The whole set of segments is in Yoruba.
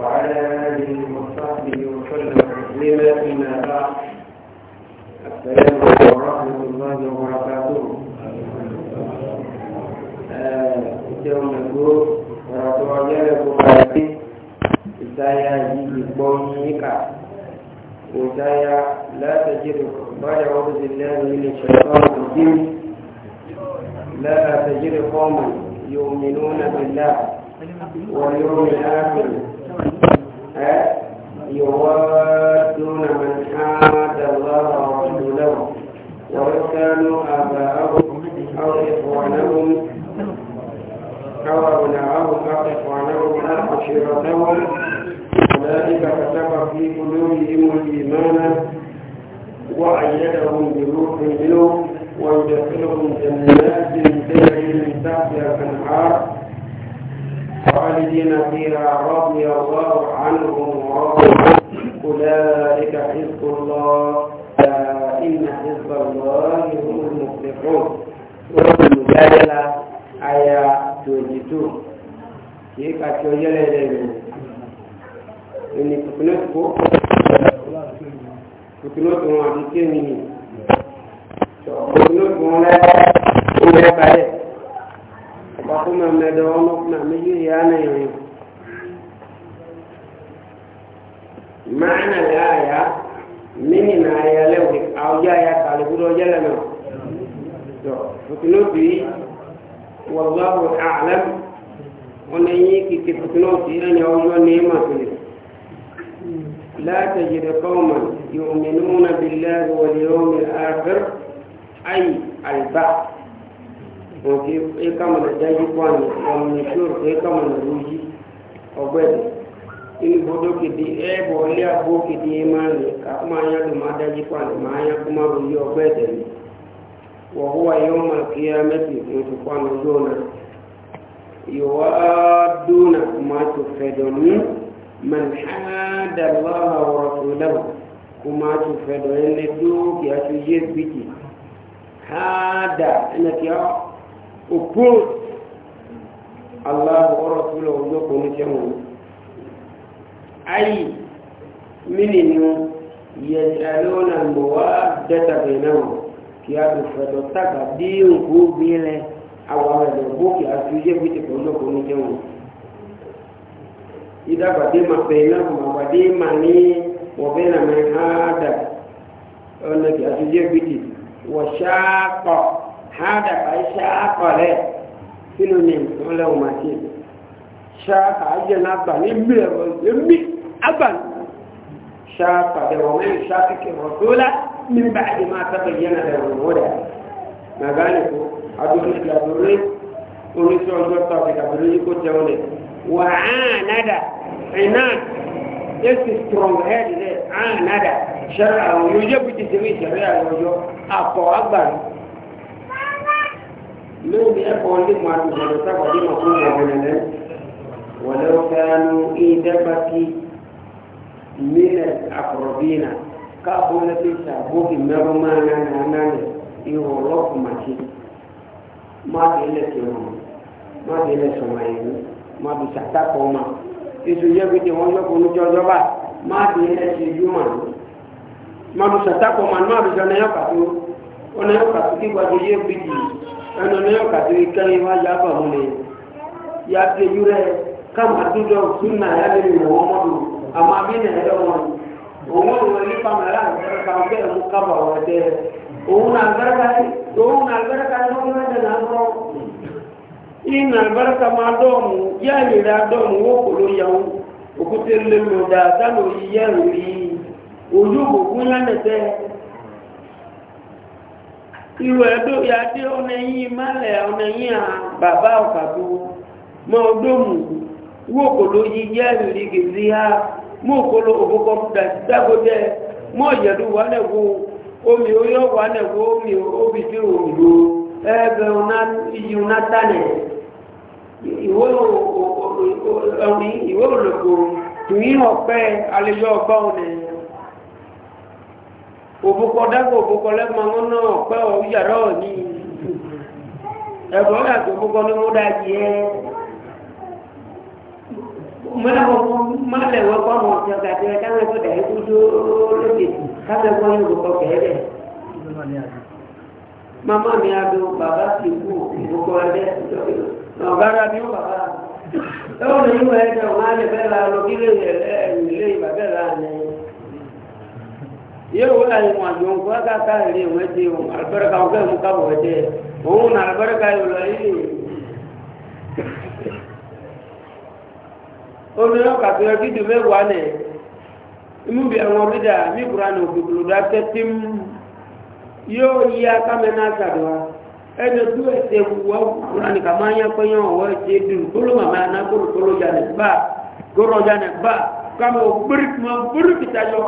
وعلى آله وصحبه وسلم تسليما إلى بعد السلام عليكم ورحمة الله وبركاته آه، اليوم نقول ورحمة الله وبركاته إزاي أجيب بون ميكا وإزاي لا تجد بعد عوض الله من الشيطان الجن لا تجد قوما يؤمنون بالله واليوم الآخر يوادون من حاد الله ورسوله ولو كانوا آباءهم أو إخوانهم أو أبناءهم أو إخوانهم أو عشيرتهم ذلك كتب في قلوبهم الإيمان وأيدهم بروح منه ويدخلهم جنات تجري من تحتها الأنهار خالدين فيها رضي الله عنهم ورضوا أولئك حزب الله إن حزب الله هم المفلحون سورة المجادلة آية 22 كيف أتوجل إليه إني تكنتكو تكنتكو عن كيميني تكنتكو لا تكنتكو kuma mɛdɔ ɔmɔ kuma meju ya na yɛ maana ya ya mini na ya lɛ o awuja ya kali kudo jɛlɛ nɔ tɔ fitino bi walahu alam ɔna yi kiki fitino ti ɛnyɛ ɔyɔ nɛɛma tuli لا تجد قوما يؤمنون بالله واليوم الآخر أي البعث òkè ékàmù lè dájú kwani ọmọ ìṣòro ékàmù lè rújí ọgbẹ́ni inú gbọdọ kìdí ẹbọ ilé àbó kìdí máa ní kàkúmá yá ló má dájú kwani máa yá kó má rújí ọgbẹ́ni ní wọ̀húwa yóò máa kí ẹ mẹ́tì oṣù kwani dóná ìwà dóná má tó fẹ̀dọ̀ ní mẹ́nìhádàláhà wọ̀rọ̀tò lẹ́wọ̀ kó má tó fẹ̀dọ̀ ẹni dókè àti òkú aláwọ̀ ọ̀rọ̀ tó lọ ọjọ́ kan ní sẹ́wọ̀n ayi mini nu yẹ̀dàlónà mọ̀ wá dẹ́tàbẹ̀ náà kí a tó fẹ̀dọ̀ tàgà dé òkú bí lẹ àwọn ẹ̀dọ̀ bókè àti ojú ẹgbẹ́ tẹ̀kọ̀ ọjọ́ kan ní sẹ́wọ̀n ìdàgbàdé máa pẹ̀ náà màgbàdé máa ní wọ̀bẹ́ nàmẹ́ ádà ọ̀nà kí a tó jẹ́ gbìtì wọ̀ṣáàkọ̀ hada kai sha kole synonym wala umati sha ka je na ba ni mi e mi aban sha ka de wa man sha ki rasula min ba'di ma tabayyana lahu huda magani ko adul islamuri ori so jo ta ka buri ko jawle wa anada inad this is strong head there anada shar'a yujibu tiswi shar'a yujo apo aban lóòbí ẹ̀kọ́ lè mọ àtùmọ̀lẹ́ sábàdé mọ̀ fún ọ̀gbọ̀n lẹ́ wọ̀lẹ́ ọ̀kẹ́nu ìdẹ́gbàkí mílẹ̀ àkọ̀rọ̀bìnà káàbọ̀ lẹ́bí sàbókì mẹ́rọ máa ń rán án náà ihò ọlọ́kùn màkì má bí ilẹ̀ tẹ̀wọ̀n má bí ilẹ̀ sọ̀mọ̀ ẹ̀yìn má bí sàtàkọ̀ ọmọ ètò yẹ́gbẹ̀dẹ̀ wọn yọkùn ní jọjọ́ bá má bí ilẹ̀ ṣe yúmọ̀ má bí sàtàkọ̀ ọmọ má bí sọ ọ̀nà yọkàtó ọ̀nà yọkàtó kíkọ́ ẹnu ní ọkàtí kẹ́yìn wá yá bà mú ni yá ti eyu rẹ káma dúdọ súnà yá lè wọ ọmọ dùn àmọ́ abí nà ẹ̀rọ wọn òun ò wọlé pamẹ́lá àgbẹ̀rẹ̀ kan bẹ́ẹ̀ mú kábà wọ̀ dẹ́ òun nà àgbẹ̀rẹ̀ kan òun nà àgbẹ̀rẹ̀ kan ló ń rẹ̀ nà lọ. ìnà àgbẹ̀rẹ̀ kan máa dọ̀mù yá ìrẹ̀ adọ̀mù wó kò ló yẹun òkúté lè dáadáa lòyí yẹ́ irú ẹ̀dọ́ ya dé ọ̀nà yìí málẹ̀ ọ̀nà yìí à bàbá ọ̀pàdó mọ́ ọdọ́mù wókòló yìí yẹ́ ìrìgì sí ha mọ́kòló òkòkò dágbójẹ́ omi omi obi tí òyìnbó ẹgbẹ̀ iyùn ọgbọ́n nìyẹn òbúkọ dákọ̀ òbúkọ lẹ́gbọ̀n náà pẹ́ ọ̀ yàrá ọ̀ ní ẹ̀gbọ́n yàtọ̀ òbúkọ ní mú dájì ẹ́ mọ́lẹ̀ wọ́pọ̀ ọmọ ọ̀sẹ̀ ọ̀gàdì ẹ̀ káwọn ẹ̀kọ́ dà ẹ̀kú tó lóde káwọn ẹ̀kọ́ yóò rúkọ kẹ́ẹ̀dẹ̀ mama mi ado baba ti kú òbúkọ ẹ̀dẹ̀ ọ̀gára mi ó bàbá ẹ̀wọ̀n ní ìwọ̀ ẹ̀dẹ̀ ọ̀gá yau la yi ma yon ko ka ka ri we ti o albarka o ka mu ka bo de o na albarka yo la yi o mi o ka pe ki du me wa ne imu bi awon bi da mi qur'an o bi lu da ke tim yo ya ka me na sa do ẹni tó ẹsẹ̀ wọ́ kúránì ká máa ń yẹ pẹ́yàn ọ̀wọ́ ẹ̀jẹ̀ dùn tó ló màmá aná kóró tó ló jalè bá kóró jalè bá kámi ò gbérí tó máa kìtà yọ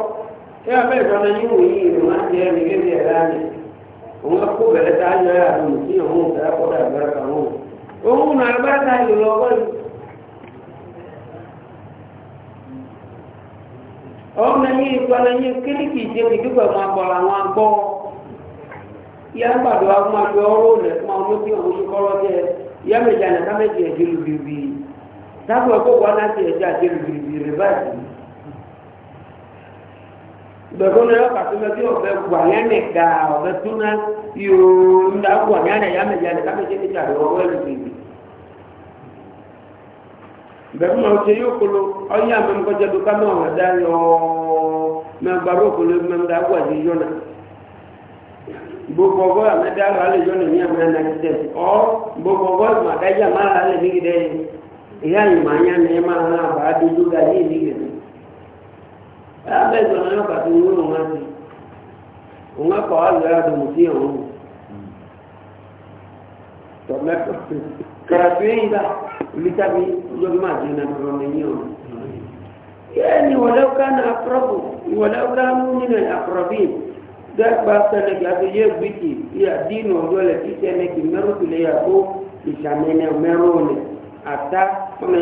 ẹ wá bẹ́ẹ̀ sọ́nà ní ìwòye ìlú máa ń jẹ́ ẹni kéde ẹ̀ láàyè òun kó bẹ̀rẹ̀ tá a yọ ẹ̀ àdùn sí òun ìta kọ́dà àgbàrá kan òun òun nà àgbàrá ìlú ọgbọ́n yìí. ọ̀hún náà yín ìgbà náà yín kíríkì ìdí ìdúgbò máa bọ̀ làwọn agbọ́ ìyá gbàdo àwọn àgbẹ̀ ọ̀rọ̀ rẹ̀ fún àwọn olóògbé òun ní jẹ́ ìyá méjì àná ká ẹ̀jẹ̀ lùbìrì tábù ẹ̀kọ́ wọn láti ẹ̀jẹ̀ àjẹ́ lùbìrì rẹ̀ báyìí gbẹ̀gbọ́n yóò kàtó mẹ́ kí ọ̀bẹ wà yánẹ̀ gà ọ̀bẹ túná yóò ńlá wà yánẹ̀ yánẹ̀ yánẹ̀ káfíńtì ní ìjà lọ́wọ́ wẹ́lú bìbì. gbẹ̀gbọ́n máa ṣe yóò kolo ọyẹ́ àmọ́mú kọjá tó ká mọ́ ọ̀rẹ́dá yọ mẹ́gbàrú òkolo mẹ́mdá wà ní yọ̀nà. gbogbo ọgọ́ àmẹ́dá rà lè yọ̀nà ní àmọ́ ẹ̀nà tẹ̀ ọ́ gbogbo ìmọ̀ àdájà má abẹ́ ìtọ́nà yóò kàtó owó lòun á ti òun á kọ́ àlùyá àdùnmù sí òun tọ́mẹ́tọ́ kẹrẹ̀tù yẹn yíba olùtàbí olóògbé máa dín náà lọ́wọ́ mẹ́yìn òun. yẹ́nì wọ́lẹ́wọ́ ká ní akọ́rọ́bù wọ́lẹ́wọ́ ká mú nínú akọ́rọ́bì dẹ́gbà sẹ́nẹ̀kì àti yé gbìtì yà dínú ọjọ́ lẹ̀ tí sẹ́nẹ̀kì mẹ́rù tìlẹ̀ yà kó ìsàmẹ́nẹ̀ mẹ́rù lẹ̀ àtà ọmọ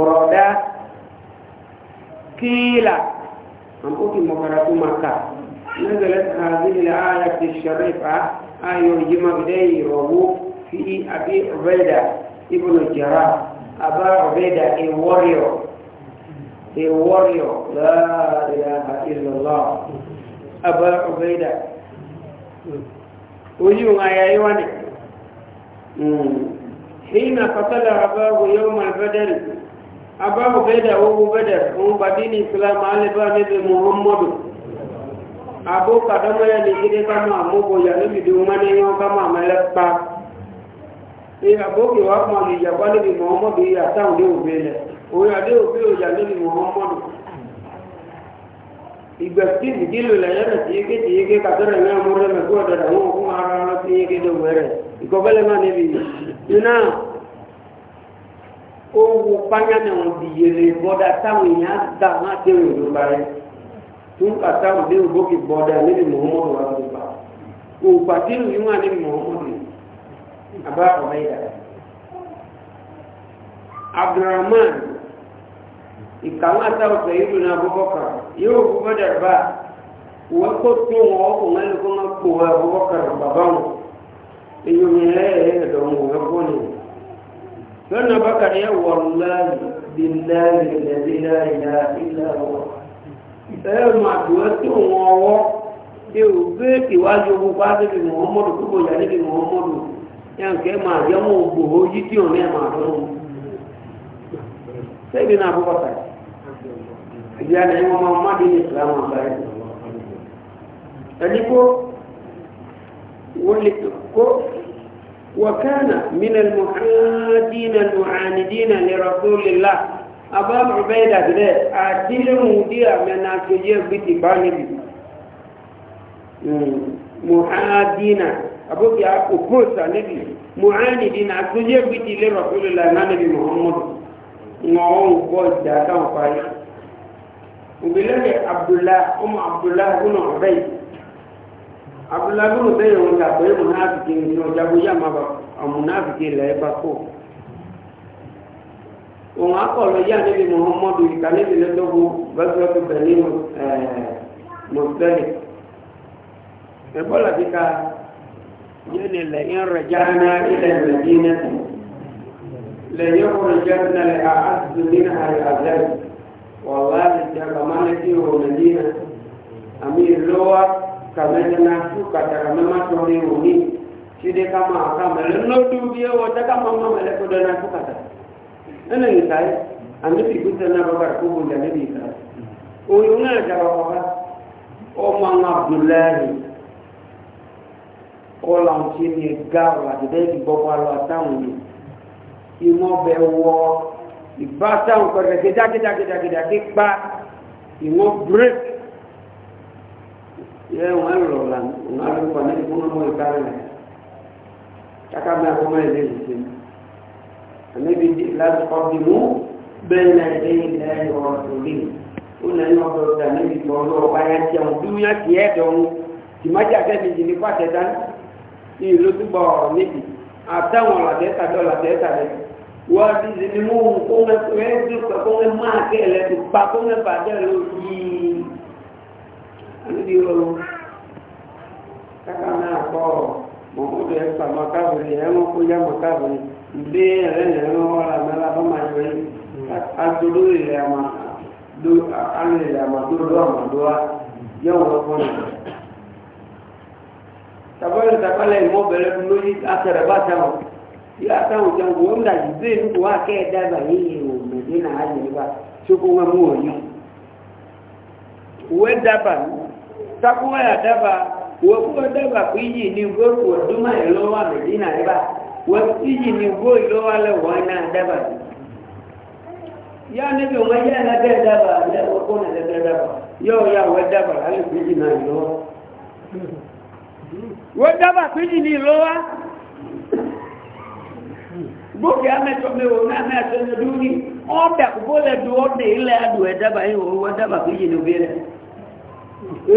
bọ̀rọ̀dá kíílà àmọ́ kí mo kàrà kó máa kà نزلت هذه الآية الشريفة آية جمع بداية روح في أبي عبيدة ابن الجراح أبا عبيدة a warrior a warrior لا إله إلا الله أبا عبيدة وجمع يا إيواني حين قتل أباه يوم البدر abamu bẹ́dà owó bẹ́dà òun bàdí ní islam alẹ́bá níbi muhammadu Abu kàdámọ́yà ní gídé ká máa mọ́bọ̀ yà níbi di ọmọdé yán kama máa mẹ́lẹ́ pa ní abó kì wá kùmà ní níbi muhammadu yà táwọn dé òbí lẹ̀ òun àdé òbí òjà níbi muhammadu ìgbẹ̀sí ìdílò lẹ́yìn tí yéké tí yéké kàtọ́rọ̀ ìwé ọmọdé mẹ́kú ọ̀dọ̀dọ̀ àwọn òkú ara lọ sí yéké dọ̀wẹ́rẹ̀ ìkọ́bẹ́lẹ́ má níbi yìí náà owó pányánà wọn di yèrè bọ́dà táwọn èèyàn dà má dé òyìnbó báyìí tún kàtàwọn dé òbó kì bọ́dà níbi muhammadu wa ti bá owó pàtẹ́lù yìí wà níbi muhammadu àbá ọ̀rẹ́ yà abdulrahman ìkàwọn àtàwọn sọ̀rọ̀ ìlú náà abubakar yóò fún bọ́dà bá wọ́n kó wọn kó bàbá wọn èyí ò ní lọ́nà bákan yẹ wọ̀láyì bí láyì lẹ́bí láyì láyì láwọ̀ ẹ máa dùn ẹ́ tí wọ́n ọwọ́ bí o gbé ìwájú ogun bá débi mọ̀ọ́mọ́dù kúkú ìyá débi mọ̀ọ́mọ́dù yẹn kẹ́ máa yẹ mọ́ gbòó yí máa dùn ún. sẹ́yìn ẹni kó وكان من المحادين المعاندين لرسول الله أبا عبيدة بذلك أتيل موديا من أتجيه بتباني محادين أبوك يا أكوسا نبي معاندين أتجيه بتي لرسول الله نبي محمد نعم قد جاء كان فايق وبلغ عبد الله أم عبد الله بن abdulaburu bẹ́ẹ̀ wọn ta pé munafiki ní ọjàgbó yá máa bá munafiki ilẹ̀ ẹ̀ bá kó òun akọlọ yá níbi muhammadu ìka níbi lẹ́tọ́gbó bẹ́sẹ̀ tó bẹ̀ ní mọ̀sẹ́lẹ̀ ẹ̀bọ́là ti ka yé ni lẹ́yìn rẹ̀ jáná ilẹ̀ mẹ̀dínà lẹ́yìn rẹ̀ jáná lẹ́ àásùnmínà àrẹ àzẹ́rẹ̀ wàlá lè jẹ́ kàmánà kí o mẹ̀dínà àmì ìlọ́wọ́ kamena su katara mama tole uni shide kama kama leno dubie wote kama mama le kodana su katara nene ni sai ande pikuta na baba kubu ndani ni sai uyu na jawa baba o mama abdullahi o la ntini gawa de de bobo ala tauni imo be wo ibata ko ke jake jake jake jake pa imo break yẹ wọn lọ la wọn alẹ kọ ní ìfún ọmọ ìka rẹ kaka bẹ akọmọ ẹ lé lùsẹ àmẹbi di láti kọ bí mú bẹ́ẹ̀ náà ẹ lẹ ọ òbí ó nà ní ọgbẹ ọgbẹ àmẹbi kọ ọdọ ọba yẹn tiẹ wọn dúró yẹn tiẹ dọ̀n tìmájà kẹbi jì ní pàṣẹ dán ní ìlú túbọ̀ níbi àtàwọn làtẹ́ tàbí ọ̀làtẹ́ tàbí wọ́n ti e di mú kó ń kó ń máa kẹ́ ẹ̀ lẹ́tù pa kó ń bàjẹ́ lórí yìí. níbi ya káká ya kọ́ mọ̀mọ́dé ẹ̀fà mọ̀kábìrì ẹ̀wọ̀n kó yá ya ìdé ẹ̀rẹ́nì ya ọ̀rà mẹ́la bá ya yọ yìí adúró ilẹ̀ ya àmàdúrá yọ̀wọ̀ ọkùnrin tàbí tàbálẹ̀ ìmọ̀bẹ̀rẹ̀ fún lórí àtẹ̀rẹ̀ bá tẹ̀wọ̀ yóò àtẹ̀wọ̀ jẹun wọ́n dà jù bẹ́ẹ̀ nípò wá kẹ́ ẹ̀ dábàá yìí takuwa ya daba wakuwa daba kuiji ni ilowa medina daba wakiji ni ugo ilowa le wana daba ya nabi na ga daba wakona le daba yo ya daba hali kuiji na ilowa wa daba kuiji ni ilowa na amẹ́tọ́mẹ́wò ní amẹ́tọ́mẹ́dúrí ọ́dà kúbólẹ̀ du ọ́dà ilẹ̀ ni obìnrin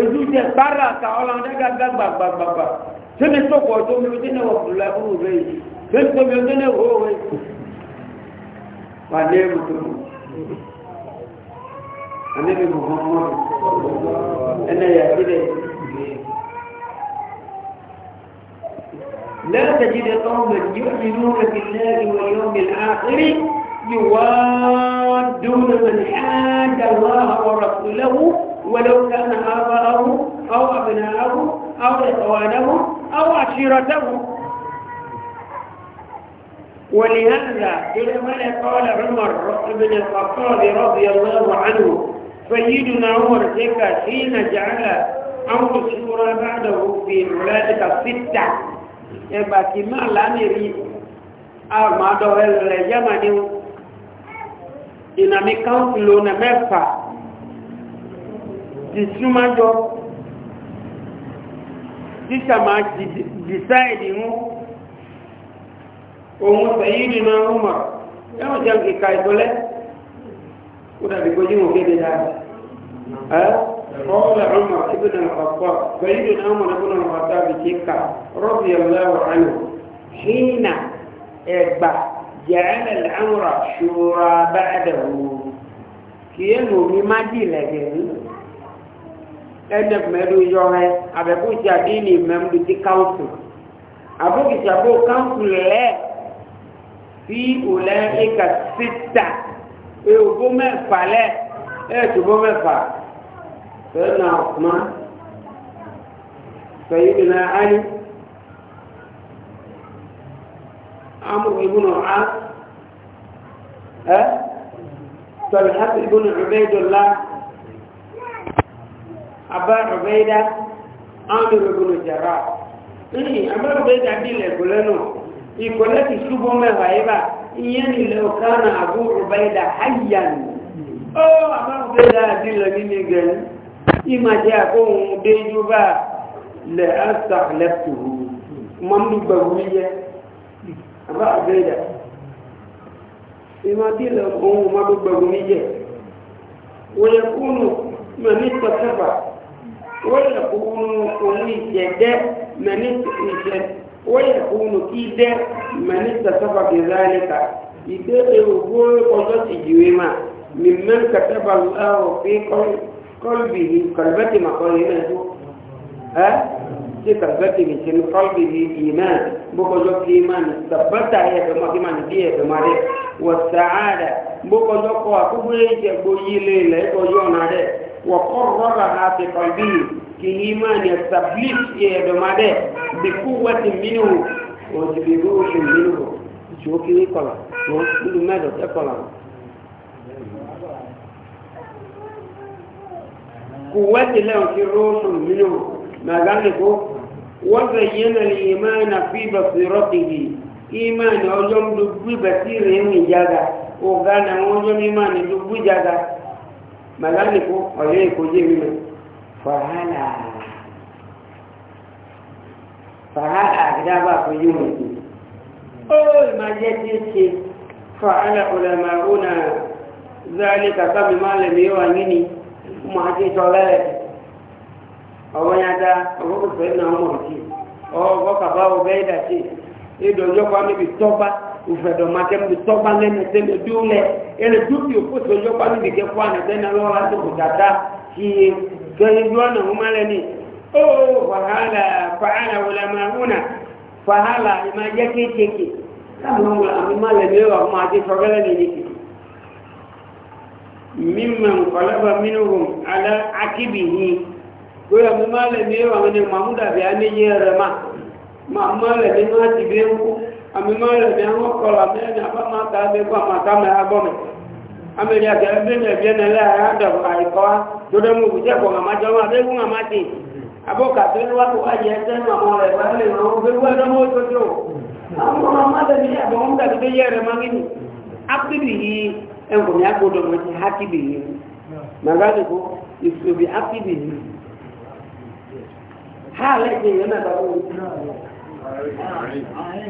èdú jẹ́ bára àtà ọlọ́dẹ́gà gbàgbàgbàgbà tí mi tó pọ̀ tó mi ó dínà wọ̀ fúlà fún rẹ̀ yìí tí mi tó mi ó dínà wọ̀ rẹ̀ wà ẹrù tó mú anẹ́bí mọ̀mọ́ ẹnẹ́ yà sílẹ̀ lẹ́ẹ̀kẹ́ jí lẹ́tọ́ mọ̀ yóò mi nú rẹ̀ fi lẹ́ẹ̀kì wọ̀ yóò mi láàárí yóò wá dúró mọ̀ ní àádà wà ọ̀rọ̀ ولو كان آباءه أو أبناءه أو إخوانه أو عشيرته ولهذا لما قال عمر بن الخطاب رضي الله عنه سيدنا عمر ذكى حين جعل أمر الشورى بعده في أولئك الستة يبقى كما لا نريد أو ما دوهل لجمع إنامي كونت لون مفا dìsúmájọ́ títà máa dìsáìdì mú òun sẹ̀yìnì náà rúmọ̀ yẹ́wọ̀n jẹ́ ìka ìtọ́lẹ́ ó dàbí gbójú mọ̀ kéde dáadáa قال عمر ابن الخطاب سيدنا عمر ابن الخطاب تيكا رضي الله عنه حين إبا جعل الأمر شورى بعده كي ينومي ما دي لجل ɛdɛ mɛdu yɔhɛ abɛkusi adiini mɛmdu ti kansu abokisi abo kansu lɛ fi olɛ eka sita eobo mɛfa lɛ ɛtubo e mɛfa sɛna ɔkuma sɛyidina ali amu ibunu a ɛ eh? sɔlihati ibunu ubaidullah. abá ọ̀bẹ́dá ámìrò gbọ́nà jàrá ní abá ọ̀bẹ́dá bí ilẹ̀ gbọ́lẹ́nà ikọ̀ láti ṣubọ́ mẹ́wàá ibà ìyẹn ilẹ̀ ọ̀kánà àbú ọ̀bẹ́dá hayyan ó abá ọ̀bẹ́dá àdìlọ nínú gẹ̀ẹ́n ìmàjẹ́ àkóhun déjú bá lẹ̀ áṣà lẹ́pù mọ́mú gbàgbúyẹ abá ọ̀bẹ́dá ìmàdìlọ ohun mọ́mú gbàgbúyẹ wọ́n yẹ kúnnù mẹ́mí pàtàkì ويكون كوني جدا من ويكون كيدا من اتصف بذلك يدعي وقول قصص جويما ممن كتب الله في قلبه قلبة ما قال ها في قلبته من قلبه إيمان بقول إيمان ثبت هي بما إيمان دي بما والسعادة بقول قوة كبرى جبوي ليلة كجونا ده وقررها في قلبه كإيمان يستبلش إيه بماده بقوة منه وبروح منه شو كي يقرأ وكل ماذا تقرأ قوة لهم في روح منه ما قال وزين الإيمان في بصيرته إيمان أجمد ببصيره من جاga وقال أجمد إيمان ببجاga magani ko oye ko je mi fahala fahala gida ba ko yi mu o ma je ti ce fahala ulama'una zalika kabi malami yawa nini kuma ake tolere ọwọ́ ya dá ọgbọ́gbọ́ sẹ́yìn náà mọ̀ sí ọgbọ́ kàbá ọgbẹ́ ìdàtí ìdòjọ́ kwami bi tọ́ba ufɛdɔ ma kɛ mi tɔgba lɛ ne se du lɛ ele du fi o fosi ojo kpa mi bi kɛ fɔ anɛtɛ na lɔ ase ko tata si ye kɛyi du ɔna ŋuma lɛ ni oo oh, fahala fahala wòle ma ŋuna fahala ma yɛ kekeke k'ame ŋun ami ma lɛ mi ma ti fɔkɛ lɛ ni niki mi ma nkɔlɛ ba mi ni wum ala akibi hi o yɛ mi ma lɛ mi wa mi ni mamu dabi ane yɛ rɛ ma mamu ma lɛ mi ti bi ŋku na àmì máa rẹ̀ bí àwọn kọlà mẹ́rin àbámátà abẹ́kọ́ àmàtàmẹ́ agbọ́mẹ́ amẹ́rin àti ẹgbẹ́ni ẹ̀bí ẹ̀nà lẹ́yà àdàbọ̀ àìkọ́ tó dẹ́mú òkùnjẹ́kọ̀ àmájọ́mọ́ abẹ́gún àmájì abọ́kàtẹ́ níwájú wáyé ẹsẹ́ nù àwọn rẹ̀ bá lè rán gbégbó ẹdọ́mọ́ òjòjò àwọn ọmọdébí ẹ̀bọ̀ ń dàbí tó yẹ rẹ̀ máa ń ní ápìlì yìí ẹ̀kùn ní agbódọ̀ mọ́ ti hákìlì yìí màgádìkó ìfòbí ápìlì yìí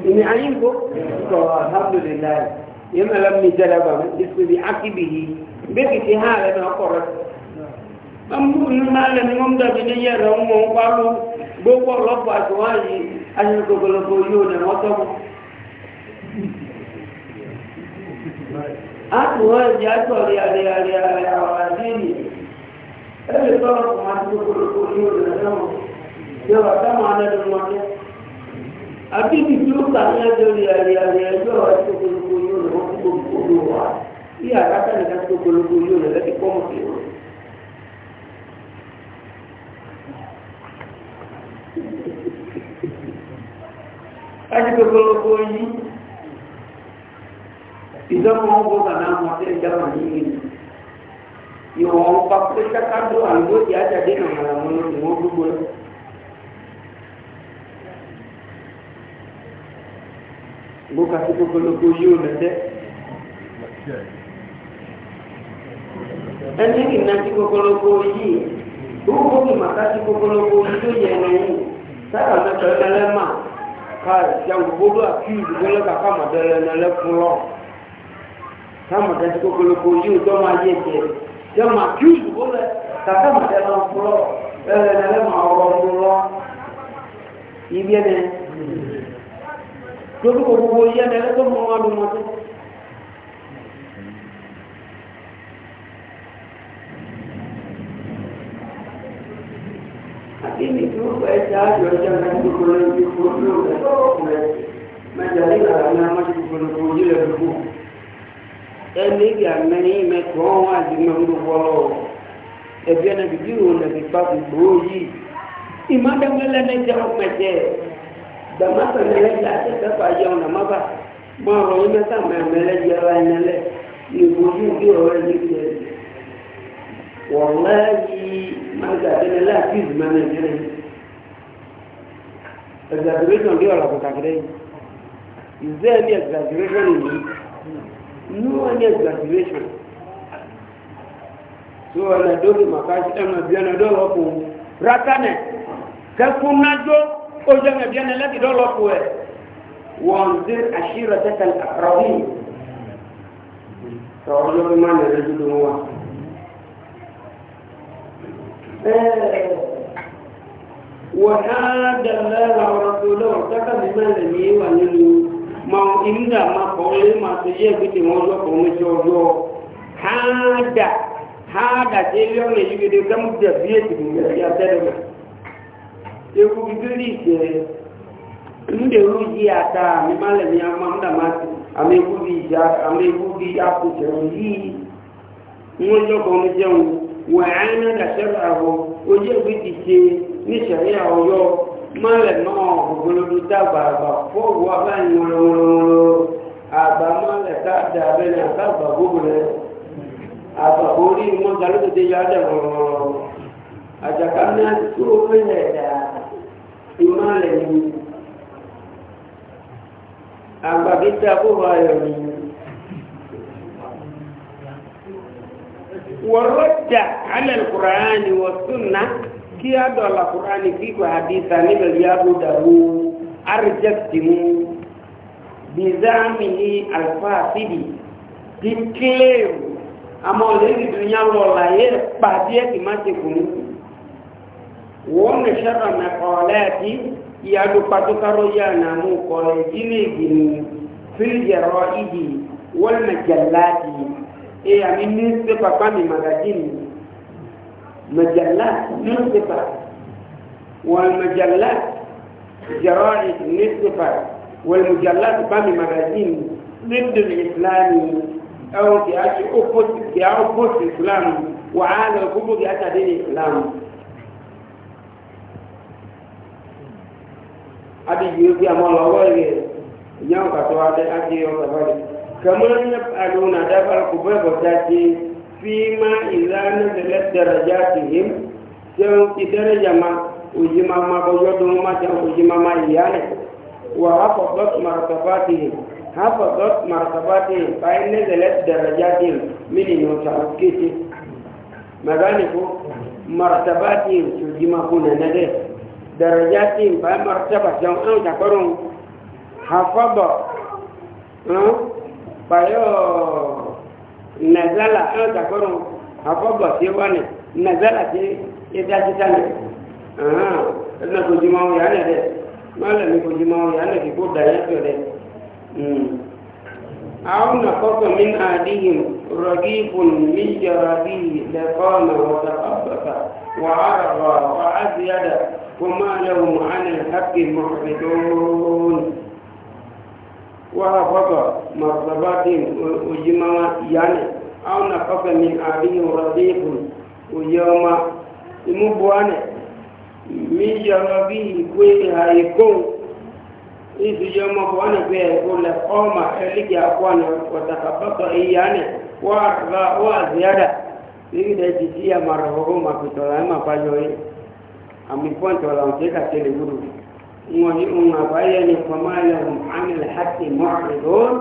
ini ayin ko alhamdulillah yema lam ni jalaba isku bi akibihi na ko ro da bi ya mo pa lu gbogbo ko ko a wa ya to ya ya ya ya àbíbi tí ó gbà lájọ rí ayé ayé ẹjọ́ àti ògbólógbò yóò lọ wọ́n kó gbogbo wa bí àkàtà nìkan tó gbogbo yóò lọ lẹ́tí pọ́ọ̀mù sí i. láti gbogbo yìí ìjọba wọn gbọ́ kàná wọn tẹ́ ìjọba yìí ìwọ̀n pa pé sákàdó àgbò ìyá jáde nàmàlà wọn gbogbo yìí. gbóka sí kókólókó yóò lẹ́tẹ́ ẹni ìná sí kókólókó yìí gbogbo mi màkà sí kókólókó yìí tó yẹ ẹ̀yìn sára mẹ́tọ́ ẹlẹ́ mà ká ìyàwó gbogbo àti ìdúgbòlẹ́ kàkà màdẹ́lẹ́ ẹlẹ́ fún lọ sáàmùtẹ́ sí kókólókó yìí tó máa yẹ jẹ jẹ́ mà kí ìdúgbòlẹ́ kàkà màdẹ́lẹ́ fún lọ ẹlẹ́ ẹlẹ́ mà ọ̀rọ̀ fún lọ ibi ẹni torí gbogbo yẹn lẹ́yìn tó mọ wọn lò mọ́ tó. Àdínì tó fẹ́ ṣe àjọ ìjà náà gbogbo lórí gbogbo lórí ọ̀rẹ́ mẹ́ta ní ìlànà ní àwọn gbogbo lórí ojú rẹ̀ gbogbo. Ẹni ìgbà mẹ́rin mẹ́tọ́ wọn àti mẹ́rin gbogbo ọ̀rọ̀ ẹ̀bí ẹ̀nà bìbí ìròyìn ẹ̀bí pàtó gbòó yìí. Ìmọ̀dẹ́gbẹ́lẹ́ ní ìjẹun pẹ̀tẹ́ tẹ̀má pẹ̀lẹ́ lẹ́yìn àti ìfẹ́fà yẹun nà má bà mọ ọ̀rọ̀ yín mẹ́ta mẹ́mẹ́lẹ́ yẹra ẹni lẹ̀ ìwòjú bí ọ̀rọ̀ yín ti ẹ̀ wọ̀n láyé má gàdúrà láti ìzùmọ̀ nàìjíríà exaggeration bí ọ̀rọ̀ àbùkà kìrẹ́ yìí is there any exaggeration in it no any exaggeration so ọ̀nà dókè màkà ẹ̀mọ̀ bí ọ̀nà dókè ọkùnrin rákánẹ̀ kẹkùn nájọ́ ó jẹ́ mẹ̀bí ẹni láti dọ́lọ́pù ẹ̀ wọ́n dín àṣírọ̀ tẹ́tẹ̀ àkàràwí sọ̀rọ̀ ló fi máa nẹ̀rẹ́ dúdú wọn. وهذا الله ورسوله تكاد من لي ونلو ما إندا ما قولي ما تجيه بيتي موجو كوميشو جو هذا هذا تيليون يجي دي كم تبيه تبيه تبيه ewu bibili jẹ nderu yi ata mi ma lẹ mi ama nda ma ti ame ewu bi ja ame ewu bi ako jẹun yii ŋun lọkọ mi jẹun wọ ẹna dasẹ awọ oye ewu ti se ní sariya ọyọ ma lẹ nọ ògbólódó dàgbà àgbà fọwọ abáyé wọlọwọlọ àgbà ma lẹ káàdà abẹlẹ àgbà gbogbo lẹ àgbà orí wọn galódé ya dẹ wọlọwọlọ àjàkà náà tó o fẹ lẹ dà ìmọ̀ rẹ̀ ni àgbàgbéta kóhọ ayọ̀ ni wọ́rọ́jà alẹ́ kùránì wọ́sùnà kí á dọ̀là kùránì fíkọ̀ àdìsá níbẹ̀ yá bó dàrú arjẹ́tìmú bizámìlì alfáàfìdì dínkìlẹ̀ àmọ́ lẹ́yìn ìdúnyà lọ́la yẹ́ pàdé ẹ̀kì má ti kùnú wọ́n ṣẹ́ra mẹ́kọ̀ọ́lá àti ìyàdó pàtókáró yà náà mú kọ́lẹ̀ ìdílé ìgbìmù fílìjẹ̀rọ ìdì wọ́n mẹ̀jẹ̀láàdì ẹ̀ àmì níwùsépà pàmì màgàdínì mẹ̀jẹ̀láàdì níwùsépà wọ́n mẹ̀jẹ̀láàdì jẹ̀rọ ìdì níwùsépà wọ́n mẹ̀jẹ̀láàdì pàmì màgàdínì nídìrí ìsìláàmì ẹ̀wọ̀n kì á ṣe ópósì islam wàhálà òkúgbò kì á ṣàdé adi yi bi ama la wa ye nyam ka to ade adi yo ka bari kaman ya aluna da fal ku ba ba ta ci fi ma idan da darajatihim sun ki daraja ma uji ma ma ba yo do ma ta uji ma ma iyale wa hafadat martabatihim hafadat martabatihim fa inna zalat darajatihim min yutakkiti magani ko martabatihim su ji ma kuna na dai darajatin ba martaba jan an jabarun hafaba bayo nazala an jabarun hafaba ti wani nazala ti idajita ne ẹ̀nà kò jí máa ń yà nẹ̀dẹ̀ mọ́lẹ̀ mi kò jí máa ń yà nẹ̀dẹ̀ kó dàyà tó rẹ̀ àwọn nàkọ́kọ̀ mi náà díhìn rọ̀gí ìfòònù mi jẹ́ rọ̀gí lẹ́kọ́ ọ̀nà wọ́ta ọ̀pọ̀ta وعرضا وأزيد وما لهم عن الحق محبطون وهفظ مرتبات وجمع يعني أو نقص من أبيه رضيق ويوم مبوانة من جربيه كل هيكون إذ يوم مبوانة فيقول لقوم ألقى أخوانا وتخبط إيانا وأزيادة ile jijia marahuruma kutolema payo hii amiponto wala mteka tele guru ngoni unabaya ni kwa mali muamil haki mu'ridun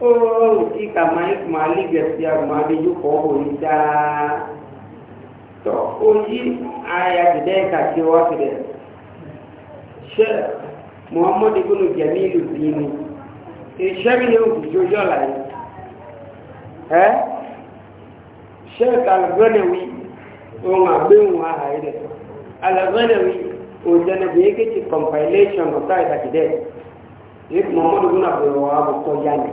oh kika maik mali ya mali yuko huita to uji aya kideka kiwa kide sheikh muhammad ibn jamil dini ishami e, ni ukijojola eh sheik al-ghanawi òun àgbéhùn àhàyè rẹ̀ o ghanawi òjẹ̀nàbí èkejì compilation ọ̀tá ìdàkìdẹ́ èkó mọ́mọ́dé gbọ́nà bẹ̀rẹ̀ wà àbùtọ́ yá ni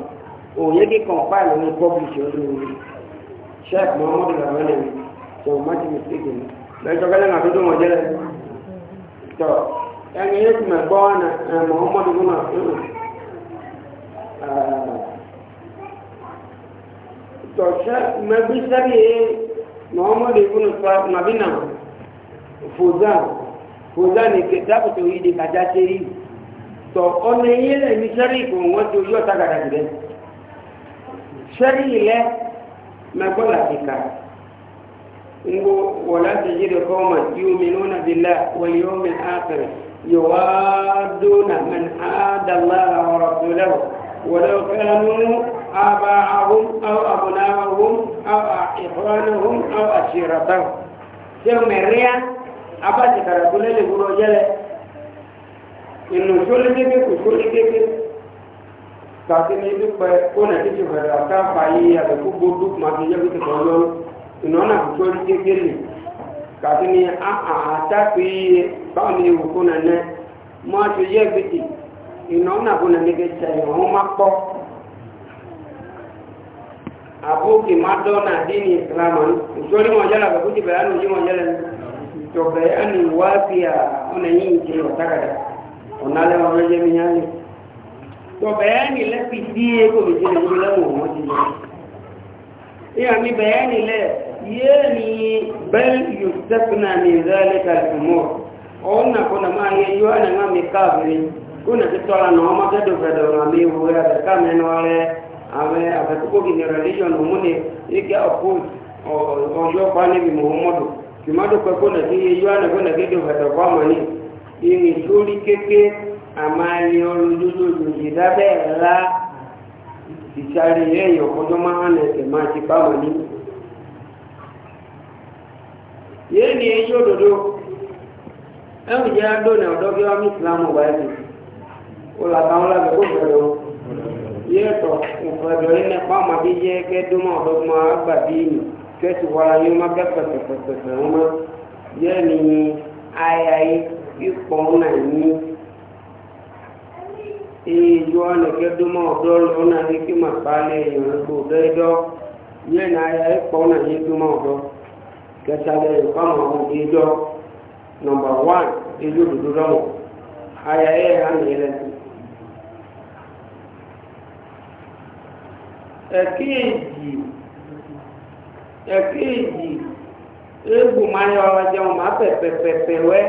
o yẹ kí compile òun publish olóore sheik mọ́mọ́dé al-ghanawi tó o má ti mistake ni lẹ́yìn tọ́kẹ́lẹ́ náà tó tó wọ́n jẹ́lẹ̀ tọ́ ẹni yẹ kí mẹ́ gbọ́ wọn na eh, tọ̀ṣẹ́ mẹ́bí sẹ́bí mohamed ibn mabina fozan fozan ni kẹtàbù tó yìí di kájá ṣe rí tọ ọmọ yìí lẹ ní sẹ́rí kò wọ́n tó yọ tágàdà jùlẹ sẹ́rí lẹ mẹ́gbọ́n láti kà ngo wọlá ti yí rẹ kọ́mà yóò mi nínú nàbílà wọlé yóò mi àkàrẹ̀ yòwá dóná mẹ́ni àdàlá àwọn ọ̀rọ̀ tó lẹ́wọ̀ wọlé kẹ́nu. آباءهم أو أبناءهم أو إخوانهم أو عشيرتهم سيو مريا أبا تكرتون لغرو جلة إنه سلبك كسلبك kàtìmí bí pẹ kó nà títí fẹrẹ ọtá fàyè àbẹkú gbódú màtí yẹ kó ti kọ lọ ìnáwó náà kó sórí kékeré kàtìmí àtàkùn yìí báwọn ní ewu kó nà nẹ mọ àti yẹ gbèdì ìnáwó náà kó nà nígbè tẹ ìwọn má pọ abuki madona dini islamu usoni mojala kakuti bayani uji mojala to bayani wapi ya una yini kile wataka onale wameje minyani to bayani le pidie ko vijile bila mumoji ya mi bayani le yani bal yustafna min dhalika al-umur ona kuna ma yeyo ana ngami kabri kuna kitola no ma gado gado na mi huya kama nole àwọn àfẹ́síkò kìnìún religion òun ni ike oppose ọjọ́ pa níbi muhammadu kìmọ́dù pẹ́kọ́ nàkí yíyú ànàkọ́ nàkí tó fẹ̀tọ̀ kọ́ àmọ́ ní ìrìn sórí kéke àmàlì olùdúdú ìdábẹ́ ńlá ìsàrí ẹ̀yọ̀ kọjọ́ máa hàn ẹ̀sẹ̀ máa ti pa àmọ́ ní. yéé ni eyín òdòdó ẹ̀rù jẹ́ àdó ní ọ̀dọ́ kí wọ́n mú ìsìlámù báyìí ó làbáwọn lábẹ́ kó bẹ̀rẹ̀ wọn yẹ́tọ̀ ìfọ̀dọ̀ yìí nípa ọmọdé yẹ kẹ́ dúnmọ̀ ọ̀dọ́gbọ̀n àgbàdì yìí kẹ́sì wọ́n yóò má bẹ́ pẹ̀tẹ̀pẹ̀tẹ̀ wọn mọ́ yẹ́ ni aya yìí ipò náà ní ìjọ ọ̀nà kẹ́ dúnmọ̀ ọ̀dọ́ lọ́wọ́ náà ní kí màá pa alẹ́ ìrìn àgbo dẹ́dọ́ yẹ́ ni aya ipò náà ní dúnmọ̀ ọ̀dọ́ kẹsàlẹ̀ ìpamọ́ ọ̀hún ìjọ nọmba wán ìlú dùdú lọ́wọ́ aya yẹ́ hàn yẹlẹ́sì ẹ̀kíyèjì ẹ̀kíyèjì egbò máa yọ ọ̀rọ̀ jẹun máa pẹ̀pẹ̀pẹ̀ wẹ́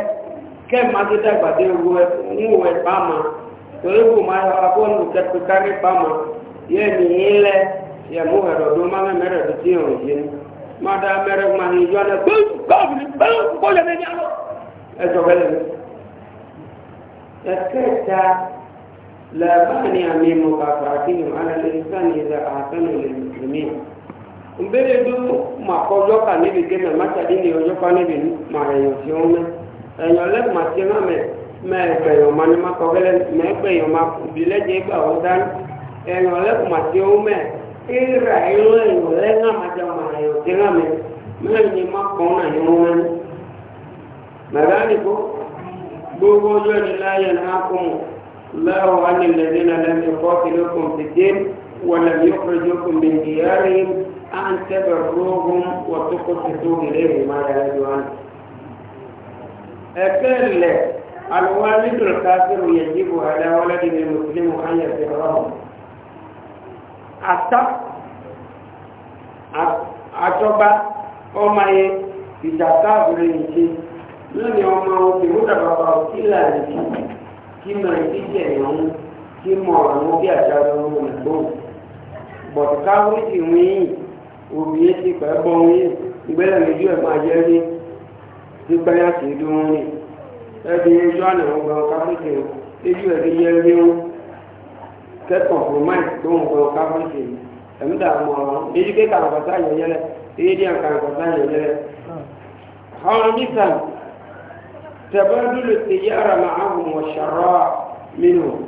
kẹ́ẹ̀má tó dàgbàdé ń wò ẹ̀ pàmà tó egbò máa yọ ọ̀rọ̀ bọ́ọ̀lù kẹ́pẹ́ kárí pàmà yẹ ní ilẹ̀ yẹmú ẹ̀rọ̀dún máa mẹ́rẹ̀ tó ti hàn yé máa dá mẹ́rẹ̀ máa ní ìjọ náà gbé gbọ́ọ̀bù gbé gbọ́ọ̀lù ẹ̀mẹ́ ní alọ́ ẹ̀jọ̀ bẹ́ẹ̀ lẹ́nu ẹ̀kẹ́ta لا مانع من مكافاتهم على الإنسان إذا أحسنوا للمسلمين mbere du ma kɔjɔ ka ne bi gɛmɛ matsadi ni ɔjɔ ka ne bi ma ɛyɔ si wo mɛ ɛyɔ lɛ ma se ma mɛ mɛ ɛgbɛ yɔ ma ne ma kɔ gɛlɛ mɛ ɛgbɛ yɔ ma bi lɛ dze gba wo dan ɛyɔ lɛ ma se wo mɛ ira ɛyɔ ɛyɔ lɛ ŋa ma dza ma ɛyɔ se ŋa mɛ mɛ nyi ma kɔ na yɔ wo mɛ mɛ lɛ ani ko gbogbo ɔjɔ ni la yɛ na kɔ mo. لا عن الذين لم يقاتلوكم في الدين ولم يخرجوكم من ديارهم أن تبروهم وتقسطوا إليهم ما لا يجوان أكل الوالد الكافر يجب على ولده المسلم أن يبره أتى أتوبة ọmọ yẹn ìjà káàbùrẹ̀ yìí ṣe lónìí ọmọ òkè kí mọ ìdíje ẹ̀yàn ń kí mọ àwọn bí àjàrò ọmọ ẹ̀gbọ́n bọ̀dù káwé ti wín yìí òbí yẹn ti pẹ́ bọ́ yìí ìgbẹ́lẹ̀ méjì ẹ̀ máa jẹ́ rí nígbà yà sí ìdí wọn ni ẹbí àná káfíńtì ẹ̀ ti yẹ kẹ́kọ̀ọ́ fún máì tó ń káfíńtì ẹ̀mí yẹn yẹlẹ yẹn yẹlẹ. àwọn تبادل التجارة معهم والشراء منهم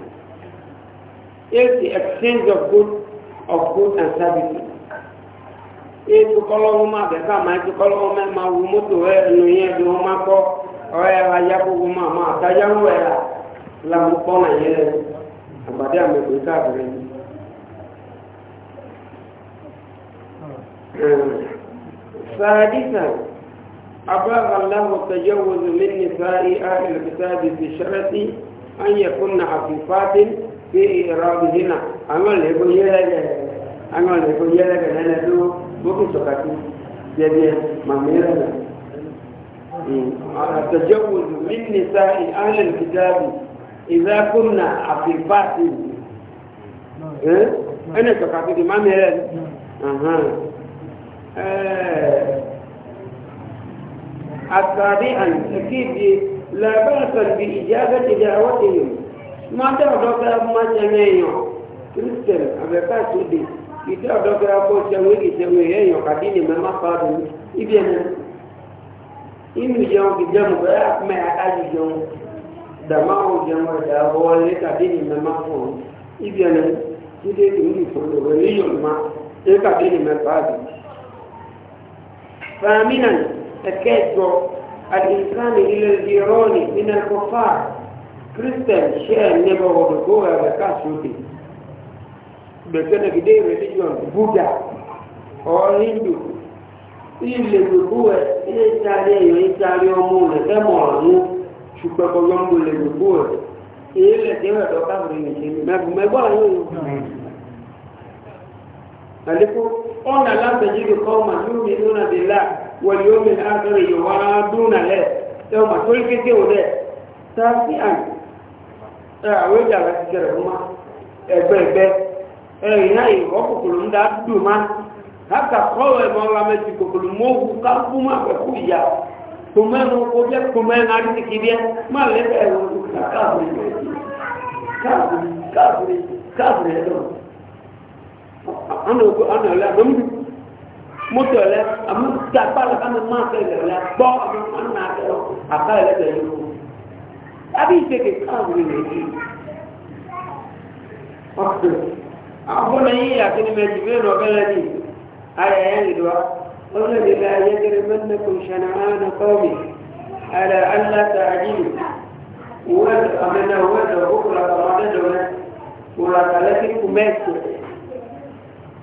is the exchange of good of good and services ma máa bẹ̀ká máa ìtukọlọ́wọ́ mẹ́ma wo mọ́tò ẹ̀ ẹnu yẹn bí wọ́n máa kọ́ ọ̀rẹ́ ayáwó máa máa àtàyáwó ẹ̀ làwọn kọ́ náà yẹn àgbàdo àmọ̀gbé káàkiri ka sàdísà. أبلغ الله التجوز من نساء أهل الكتاب بشرط أن يكن عفيفات في إرادهن أقول اللي يقول يلك أقول اللي يقول يلك أنا دو ممكن سكتي جميع مميرنا التجوز من نساء أهل الكتاب إذا كنا عفيفات أنا سكتي ما ميرنا أها أه. السابعا أكيد لا بأس بإجابة دعوتهم ما تعدوك ما جميعهم كريستيان أبقى سودي ìdí ọ̀dọ́ kí a kó ṣẹ̀wé ìṣẹ̀wé èèyàn kàdí ní mẹ́má pàdé ibi ẹ̀mí inú jẹun kì jẹun bẹ́ẹ̀ mẹ́ ayé jẹun dàmáwò jẹun ẹ̀dá wọlé kàdí ní mẹ́má fún un ibi ẹ̀mí fàmínà ẹ̀kẹ́jọ الإنسان إلى الجيران من الكفار كريستيان شيء نيبر هود جو هذا شوتي بكنا كده religion بودا أو هندو ilé gbogbo ẹ ilé ìtàlẹ èèyàn ìtàlẹ ọmọ rẹ tẹmọ ọrùn ṣùgbọn gbogbo ilé gbogbo ẹ èyí lè dé ọdọ káàkiri nìyẹn mẹgbọn mẹgbọn àwọn èèyàn àlékún ọ̀nà láti yí kọ́ ọmọ yóò mi lónà dé láà واليوم الآخر يوادون له يوم تلك تولى تاسعا أعوج على كرهما أبدا ẹ̀yìnà ìwọ́kùnkùn ń dá dùn má láta kọ́wọ́ ẹ̀mọ́ ọlámẹ́sì kòkòrò mọ́wú káàkú má pẹ̀kú ìyá tòmẹ́nu kó jẹ́ tòmẹ́nu àríṣìkì díẹ̀ má lẹ́bẹ̀ ẹ̀rọ káàkiri káàkiri káàkiri káàkiri ẹ̀dọ́ ọ̀nà ọ̀lẹ́ àmọ́mú mọ́tò ọ̀lẹ́ àmọ́mú tí agbára ká mi má kẹlẹ̀ rẹ̀ gbọ́ ọmọ wọn nà kẹlọ àbáyé lẹ́tọ̀ yìí kú. Àbí ìṣèké káàmù rẹ̀ yìí. Ọ̀pẹ̀ àbúrò yìí àkíní méjì mẹ́rin ọ̀bẹ lẹ́ni ayẹ ẹ̀ ń lọ. Olórí la yẹ kiri mẹ́rin kò ṣẹ̀nà án kọ́mi. Ẹ̀rẹ̀ alá ta àjìlù. Wọ́n àmẹ́nà wọ́n dọ̀ ó kura kọ̀ ọ̀dẹ́ dọ̀ rẹ̀. Kura kàlẹ́ kiri kùmẹ́ẹ̀kù.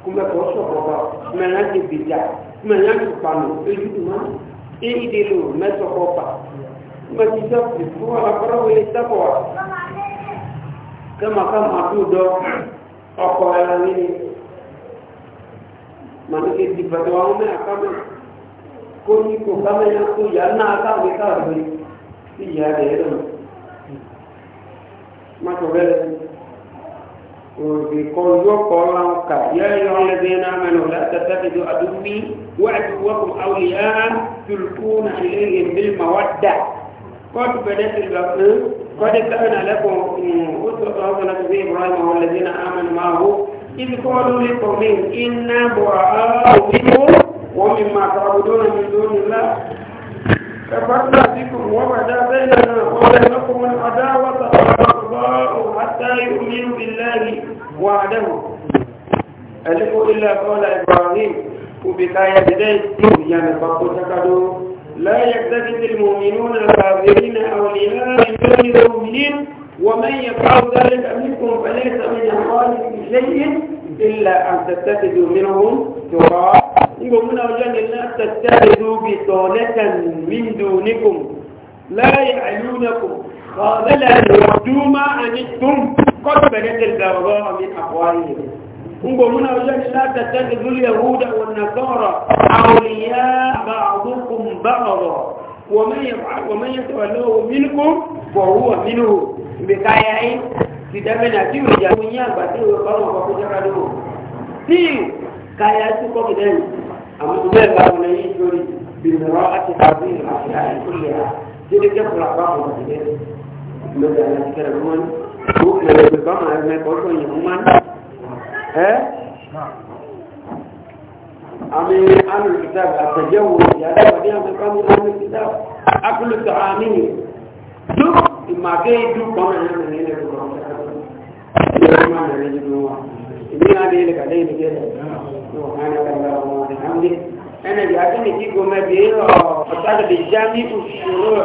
Kùmẹ́ẹ̀kù ọ̀ṣọ̀ kọ̀ọ̀kọ̀ mẹ́rin á ti bìjà. mẹ̀yàn kpanu ejuduma eyi de lo mẹsọkọ pa mẹti sẹpù fún akọrọ wele sẹpù wa kẹmà kama tó dọ ọkọ ẹlẹ wele mànìkè dìbàdàn àwọn mẹ àkàmẹ kó ní kó kàmẹ yẹn kó yà nà àkàwé káàdùn yìí yà dẹ yẹlẹ mọ màtọ bẹlẹ. يقول الله قال يا أيها الذين آمنوا لا تتخذوا عدوي وعدوكم أولياء تلقون إليهم بالمودة قد بدأت البقر قد كان لكم أسوة حسنة في إبراهيم والذين آمنوا معه إذ قالوا لقومهم إنا براء منكم ومما تعبدون من دون الله كفرنا بكم وبدا بيننا وبينكم العداوة حتى يؤمنوا بالله وعده ألف إلا قال إبراهيم وبكاية بداية يعني فقط تكدوا لا يكتفي المؤمنون الكافرين أولياء من المؤمنين ومن يفعل ذلك منكم فليس من الله شيء إلا أن تتخذوا منهم تراب يقول من أوجان الناس تتخذوا بطانة من دونكم لا يعلونكم قابلا يودوا ما عنتم قد بدت البغضاء من أقوالهم انظر هنا وجهك لا تتخذوا اليهود والنصارى أولياء بعضكم بعضا ومن يفعل ومن يتولوه منكم فهو منه بكايعين تدمنا تيو جاويا باتيو قالوا وكجرادو تيو كايا سوكو كدن أما تبقى قالوا نيجوري بمراءة هذه الأشياء كلها جدك فلا قاموا بكدن lóde alákẹ́rẹ́ fún wọn tó kẹrẹ pé bá máa mẹ kọ́tọ̀ yìí fún wọn. ẹ àmì àmì kìtà àtẹ̀jẹ́wò ìyáda wàdí àmì kámi àmì kìtà akólótò àmì dó ìmàkè dú kọ́mọ̀ ẹ̀ ní ilé kọ́mọ̀ ẹ̀ ní kọ́mọ̀ ẹ̀ ní wa ìdí náà ní ilé kàdé ìdí kẹ́lẹ̀ ní wọ́n hàn kàdé àwọn ọmọdé hàn dé ẹnẹ̀dì akínìkí gomẹ́bí ọ̀tàdàbí jámí òṣìṣòro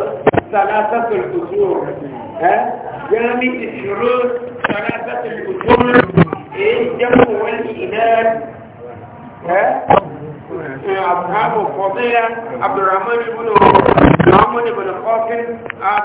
sàlásàtò ìtòsí òòrùn جامع الشروط ثلاثة الأصول إيه جمع ها أصحاب الفضيلة عبد الرحمن بن محمد بن قاسم